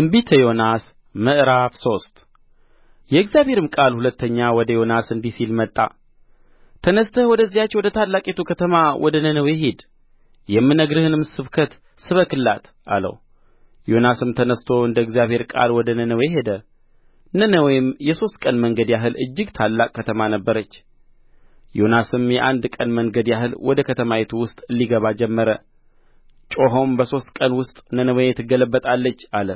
ትንቢተ ዮናስ ምዕራፍ ሶስት የእግዚአብሔርም ቃል ሁለተኛ ወደ ዮናስ እንዲህ ሲል መጣ ተነሥተህ ወደዚያች ወደ ታላቂቱ ከተማ ወደ ነነዌ ሂድ የምነግርህንም ስብከት ስበክላት አለው ዮናስም ተነሥቶ እንደ እግዚአብሔር ቃል ወደ ነነዌ ሄደ ነነዌም የሦስት ቀን መንገድ ያህል እጅግ ታላቅ ከተማ ነበረች ዮናስም የአንድ ቀን መንገድ ያህል ወደ ከተማይቱ ውስጥ ሊገባ ጀመረ ጮኾም በሦስት ቀን ውስጥ ነነዌ ትገለበጣለች አለ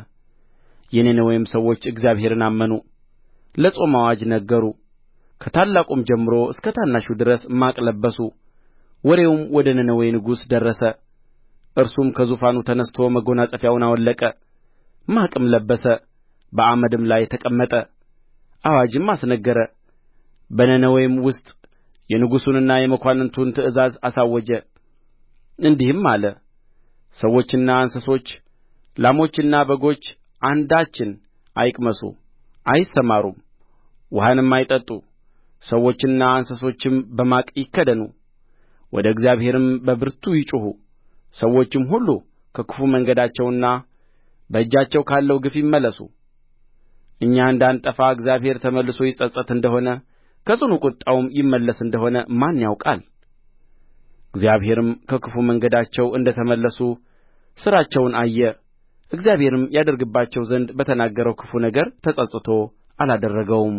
የነነዌም ሰዎች እግዚአብሔርን አመኑ ለጾም አዋጅ ነገሩ ከታላቁም ጀምሮ እስከ ታናሹ ድረስ ማቅ ለበሱ ወሬውም ወደ ነነዌ ንጉሥ ደረሰ እርሱም ከዙፋኑ ተነሥቶ መጐናጸፊያውን አወለቀ ማቅም ለበሰ በአመድም ላይ ተቀመጠ አዋጅም አስነገረ በነነዌም ውስጥ የንጉሡንና የመኳንንቱን ትእዛዝ አሳወጀ እንዲህም አለ ሰዎችና እንስሶች ላሞችና በጎች አንዳችን አይቅመሱ አይሰማሩም ውኃንም አይጠጡ ሰዎችና እንስሶችም በማቅ ይከደኑ ወደ እግዚአብሔርም በብርቱ ይጩኹ ሰዎችም ሁሉ ከክፉ መንገዳቸውና በእጃቸው ካለው ግፍ ይመለሱ እኛ እንዳንጠፋ እግዚአብሔር ተመልሶ ይጸጸት እንደ ሆነ ከጽኑ ቍጣውም ይመለስ እንደ ሆነ ማን ያውቃል እግዚአብሔርም ከክፉ መንገዳቸው እንደ ተመለሱ ሥራቸውን አየ እግዚአብሔርም ያደርግባቸው ዘንድ በተናገረው ክፉ ነገር ተጸጽቶ አላደረገውም